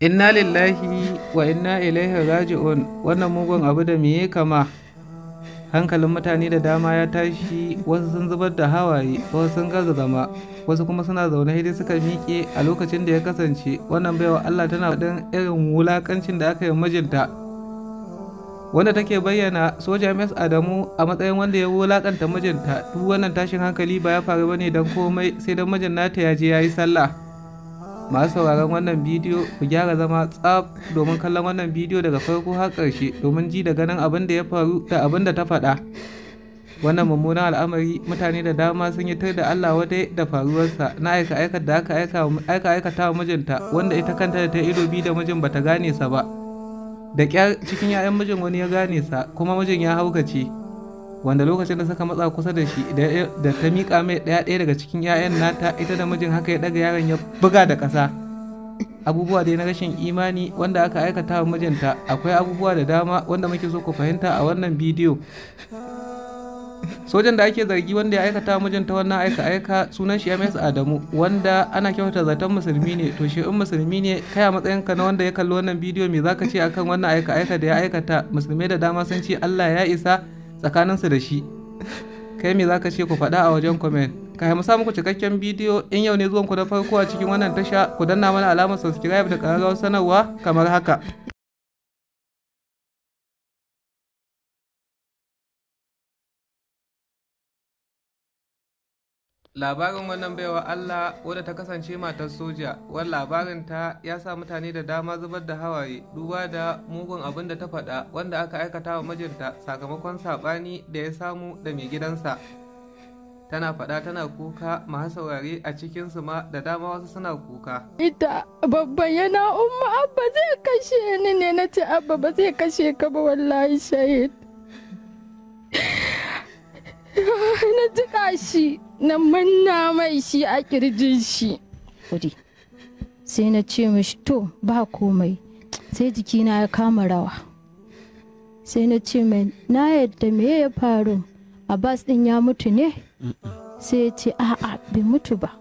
inna lillahi wa inna ilaihi raji'un wannan mugun abu da me kama hankalin mutane da dama ya tashi wasu sun zubar da hawaye wasu sun gaza zama wasu kuma suna zaune dai suka miƙe a lokacin da ya kasance wannan baiwa Allah tana faɗin irin wulakancin da aka yi mijinta wanda take bayyana soja ms adamu a matsayin wanda ya wulakanta mijinta duk wannan tashin hankali ba ya faru bane don komai sai don mijin nata ya je ya sallah masu sauraron wannan bidiyo ku gyara zama tsab domin kallon wannan bidiyo daga farko har ƙarshe domin ji da ganin abin da ya faru da abin da ta faɗa wannan mummunan al'amari mutane da dama sun yi da Allah wadai da faruwarsa na aika aika da aka aika aikata wa mijinta wanda ita kanta da ta ido bi da mijin bata gane sa ba da kyar cikin 'ya'yan mijin wani ya gane sa kuma mijin ya haukace wanda lokacin da suka matsa kusa da shi da ta miƙa mai ɗaya ɗaya daga cikin 'ya'yan nata ita da mijin haka ya ɗaga yaron ya buga da ƙasa abubuwa dai na rashin imani wanda aka aikata wa mijinta akwai abubuwa da dama wanda muke so ku fahimta a wannan bidiyo sojan da ake zargi wanda ya aikata mijinta wannan aika aika sunan shi ms adamu wanda ana kyauta zaton musulmi ne to shi in musulmi ne kai a matsayinka na wanda ya kalli wannan bidiyo me zaka ce akan wannan aika aika da ya aikata musulmai da dama sun ce allah ya isa tsakaninsu da shi kai me za ka ce ku faɗa a wajen comment ka mu samu ku cikakken bidiyo in yau ne zuwanku na farko a cikin wannan tasha ku danna mana alamar subscribe da ƙararrawar sanarwa kamar haka labarin wannan baiwa Allah wadda ta kasance matar soja wani labarin ta ya sa mutane da dama zubar da hawaye duba da mugun abin da ta faɗa wanda aka aikata wa mijinta sakamakon sabani da ya samu da mai gidansa tana faɗa tana kuka masu saurare a cikin su ma da dama wasu suna kuka. Ita babban yana umma abba zai kashe ni ne na ce abba ba zai kashe ka ba wallahi shahid. tuka shi na manna mai shi a kirjin shi kudi sai na ce mishi to ba komai sai jikina ya kama rawa sai na ce mai na yadda me ya faru abbas din ya mutu ne sai ya ce a'a bai mutu ba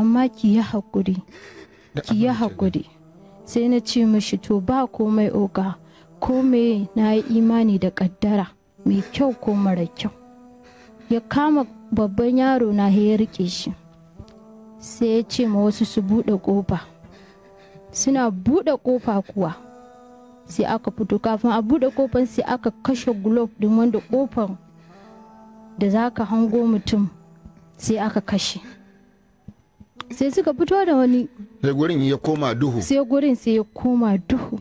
amma ki yi haƙuri ki yi haƙuri sai na ce mishi to ba komai oga me na yi imani da ƙaddara mai kyau ko mara kyau ya kama babban yaro na ya rike shi sai ya ce ma wasu su buɗe ƙofa suna buɗe ƙofa kuwa sai aka fito kafin a buɗe ƙofar sai aka kashe glove din wanda ƙofar da za ka hango mutum sai aka kashe sai suka fito da wani sai gurin ya koma duhu sai gurin sai ya koma duhu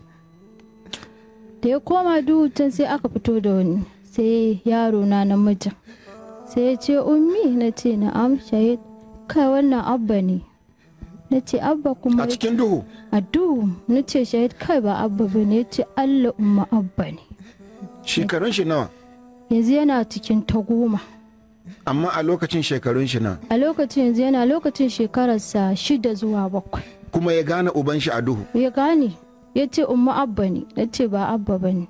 da ya koma duhu can sai aka fito da wani sai yaro na namijin sai ya ce ummi na ce na'am shahid kai wannan abba ne na ce abba kuma a cikin duhu a duhu na ce shahid kai ba abba ba ne ya ce allah umma abba ne shekarun shi nawa yanzu yana cikin ta goma amma a lokacin shekarun shi nawa a lokacin yanzu yana lokacin shekararsa shida zuwa bakwai kuma ya gane uban shi a duhu ya gane ya ce umma abba ne na ce ba abba ba ne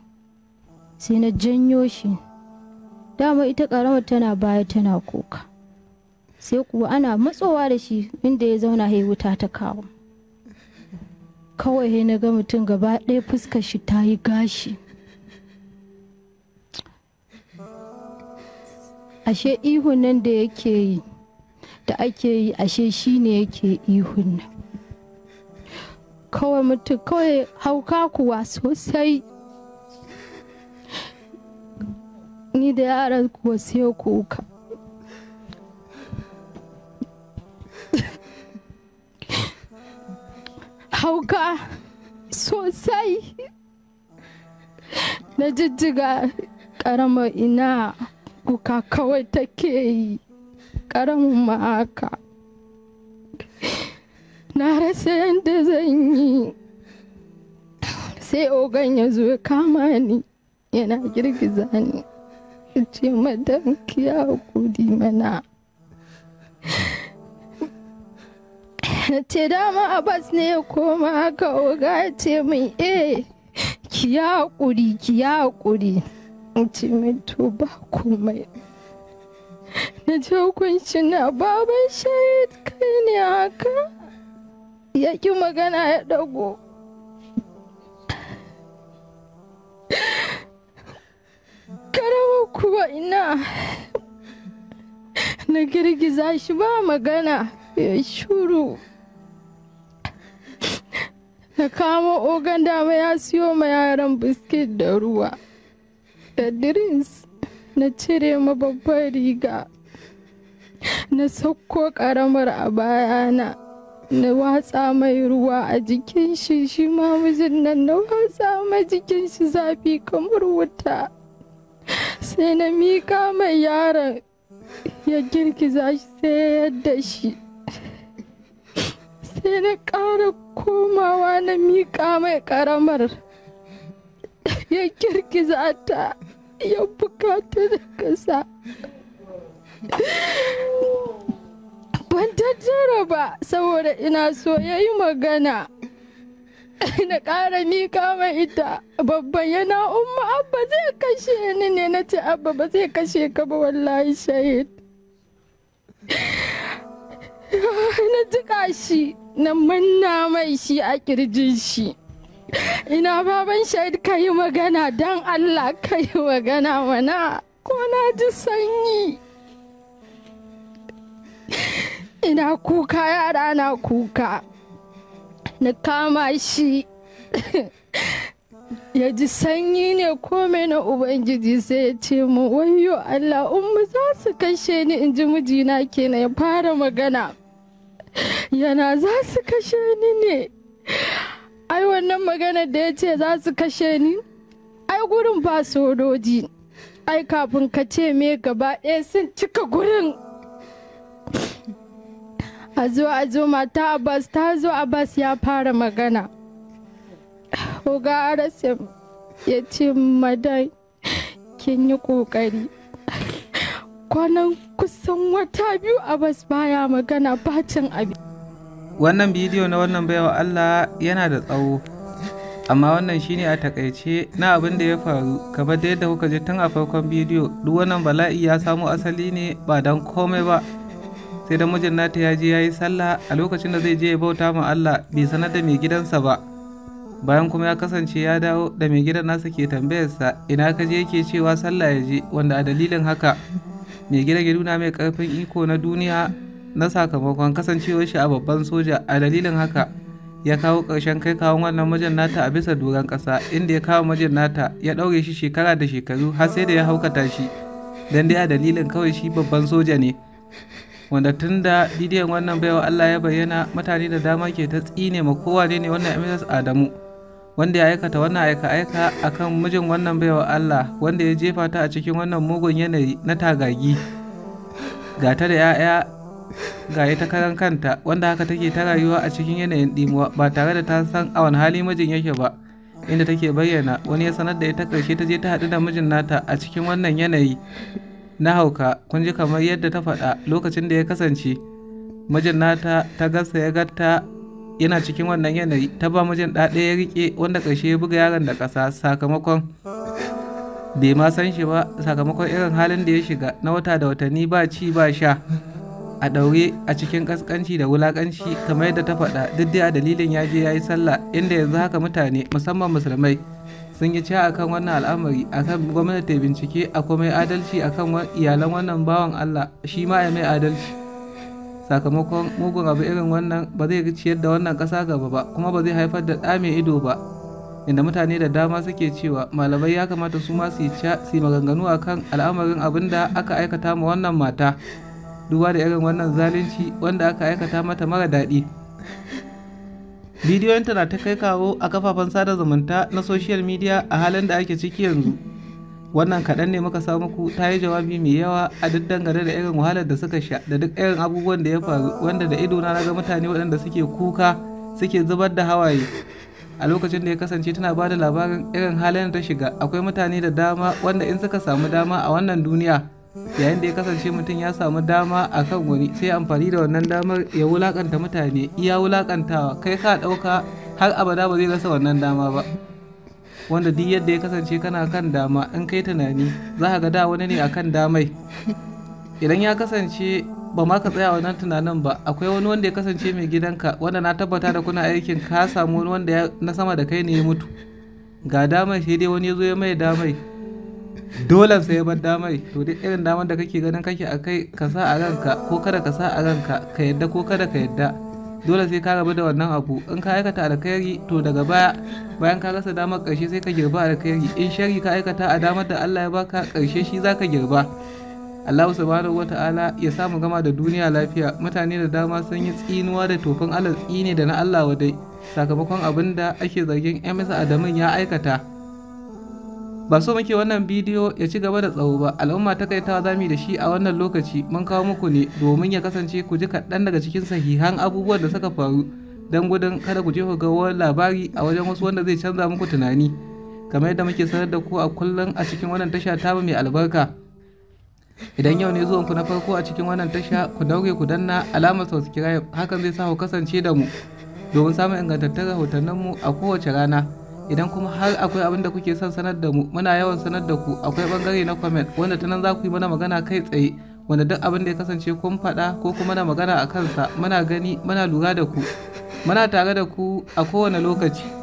sai na janyo shi dama ita karamar tana baya tana kuka sai kuwa ana matsowa da shi inda ya zauna ya wuta ta kawo kawai na ga mutum gaba ɗaya fuskar shi ta yi gashi ashe ihun nan da yake yi da ake yi ashe shi ne yake ihun nan kawai mutum kawai hauka kuwa sosai ni da yaran kuwa sai kuka hauka sosai na jijjiga ƙaramar ina kuka kawai take yi ƙaramin ma'aka na rasa yadda zan yi sai ogan ya zo kama ni yana girgiza ni ce madan kiya hakuri mana ce dama abbas ne ya koma haka oga ce min eh ki hakuri ki hakuri ce min to ba komai na ce hukunci na baban shahid kai ne haka ya ki magana ya dago kuwa ina na girgiza shi ba magana ya shuru na kama ogan dama ya siyo ma yaran biskit da ruwa da drinks na cire ma babbar riga na sauko karamar a bayana na watsa mai ruwa a jikin shi shi ma mijin nan na watsa ma jikin shi zafi kamar wuta sai na mika mai yaron ya girgiza shi sai yadda shi sai na ƙara komawa na mika mai ƙaramar ya girgiza ta ya bukata da ƙasa ban tattara ba saboda ina so ya yi magana na ƙara mika mai ita babban yana umma abba zai kashe ni ne na ce abba ba zai kashe ka ba wallahi shahid na jika shi na manna mai shi a kirjin shi ina baban shahid ka yi magana don allah ka yi magana mana ko na ji sanyi ina kuka yara na kuka na kama shi ya ji sanyi ne kome na ubangiji sai ya ce mu wayo allah ummu za su kashe ni in ji mijina kenan ya fara magana yana za su kashe ni ne ai wannan magana da ya ce za su kashe ni ai gurin ba sojoji ai kafin ka ce me gaba ɗaya sun cika gurin a zo a zo mata abbas ta zo abbas ya fara magana oga arasim ya ce madai kin yi kokari kwanan kusan wata biyu abbas baya magana bacin abin wannan bidiyo na wannan baiwa allah yana da tsawo amma wannan shine a takaice na abin da ya faru kamar da yadda kuka ji tun a farkon bidiyo duk wannan bala'i ya samo asali ne ba don komai ba sai da mijin nata ya je ya yi sallah a lokacin da zai je ya bauta ma Allah bai sanar da mai gidansa ba bayan kuma ya kasance ya dawo da mai gidan nasa ke tambayarsa ina ka je yake cewa sallah ya je wanda a dalilin haka mai gidan ya nuna mai karfin iko na duniya na sakamakon kasancewar shi a babban soja a dalilin haka ya kawo ƙarshen kai kawon wannan mijin nata a bisa duran kasa inda ya kawo mijin nata ya ɗaure shi shekara da shekaru har sai da ya haukata shi don dai a dalilin kawai shi babban soja ne wanda tun da bidiyon wannan baiwa Allah ya bayyana mutane da dama ke ta tsine ma kowa ne wannan MSS Adamu wanda ya aikata wannan aika-aika akan mijin wannan baiwa Allah wanda ya jefa ta a cikin wannan mugun yanayi na tagagi ga ta da 'ya'ya ga ita karan kanta wanda haka take ta rayuwa a cikin yanayin dimuwa ba tare da ta san a wani hali mijin yake ba inda take bayyana wani ya sanar da ta karshe ta je ta haɗu da mijin nata a cikin wannan yanayi na hauka kun ji kamar yadda ta faɗa lokacin da ya kasance mijin nata ta gasa ya gata yana cikin wannan yanayi ta ba mijin ɗaɗe ya riƙe wanda ƙarshe ya buga yaron da ƙasa sakamakon bai ma san shi ba sakamakon irin halin da ya shiga na wata da watanni ba ci ba sha a ɗaure a cikin ƙasƙanci da wulaƙanci kamar yadda ta faɗa duk dai a dalilin ya je ya yi sallah inda yanzu haka mutane musamman musulmai sun yi ca akan wannan al'amari akan gwamnati ta bincike a komai adalci akan iyalan wannan bawan Allah shi ma ya mai adalci sakamakon mugun abu irin wannan ba zai ciyar da wannan ƙasa gaba ba kuma ba zai haifar da ɗa mai ido ba inda mutane da dama suke cewa malamai ya kamata su ma su yi maganganu a kan al'amarin abin da aka aikata ma wannan mata duba da irin wannan zalunci wanda aka aikata mata mara daɗi bidiyon tana ta kai kawo a kafafen sada zumunta na social media a halin da ake ciki yanzu wannan kaɗan ne muka samu ku ta yi jawabi mai yawa a duk dangane da irin wahalar da suka sha da duk irin abubuwan da ya faru wanda da ido na ga mutane waɗanda suke kuka suke zubar da hawaye a lokacin da ya kasance tana ba da labarin irin halin da ta shiga akwai mutane da dama wanda in suka samu dama a wannan duniya yayin da ya kasance mutum ya samu dama a kan wani sai amfani da wannan damar ya wulakanta mutane iya wulakantawa kai ka ɗauka har abada ba zai rasa wannan dama ba wanda duk yadda ya kasance kana kan dama in kai tunani za ka ga da wani ne akan damai idan ya kasance ba ma ka tsaya wannan tunanin ba akwai wani wanda ya kasance mai gidanka wanda na tabbata da kuna aikin ka samu wani wanda na sama da kai ne ya mutu ga damai sai dai wani ya zo ya mai damai dole sai ban damai to duk irin damar da kake ganin kake akai kai ka sa a ranka ko kada ka sa a ranka ka yadda ko kada ka yadda dole sai ka rabu da wannan abu in ka aikata alkhairi to daga baya bayan ka rasa damar karshe sai ka girba alkhairi in shari ka aikata a damar da Allah ya baka karshe shi zaka girba Allah subhanahu wata'ala ya samu gama da duniya lafiya mutane da dama sun yi tsinuwa da tofin Allah tsine da na Allah wadai sakamakon abin da ake zargin MS Adamun ya aikata ba so muke wannan bidiyo ya ci gaba da tsawo ba al'umma ta kai ta zami da shi a wannan lokaci mun kawo muku ne domin ya kasance ku ji kaɗan daga cikin sahihan abubuwan da suka faru don gudun kada ku je ku ga wani labari a wajen wasu wanda zai canza muku tunani kamar yadda muke sanar da ku a kullum a cikin wannan tasha tamu mai albarka idan yau ne zuwanku na farko a cikin wannan tasha ku daure ku danna alamar subscribe hakan zai sa ku kasance da mu domin samun ingantattun rahotanninmu a kowace rana idan kuma har akwai abin da kuke son sanar da mu muna yawan sanar da ku akwai bangare na comment wanda ta nan za ku yi mana magana kai tsaye wanda duk abin da ya kasance kun faɗa ko kuma na magana a kansa muna gani muna lura da ku muna tare da ku a kowane lokaci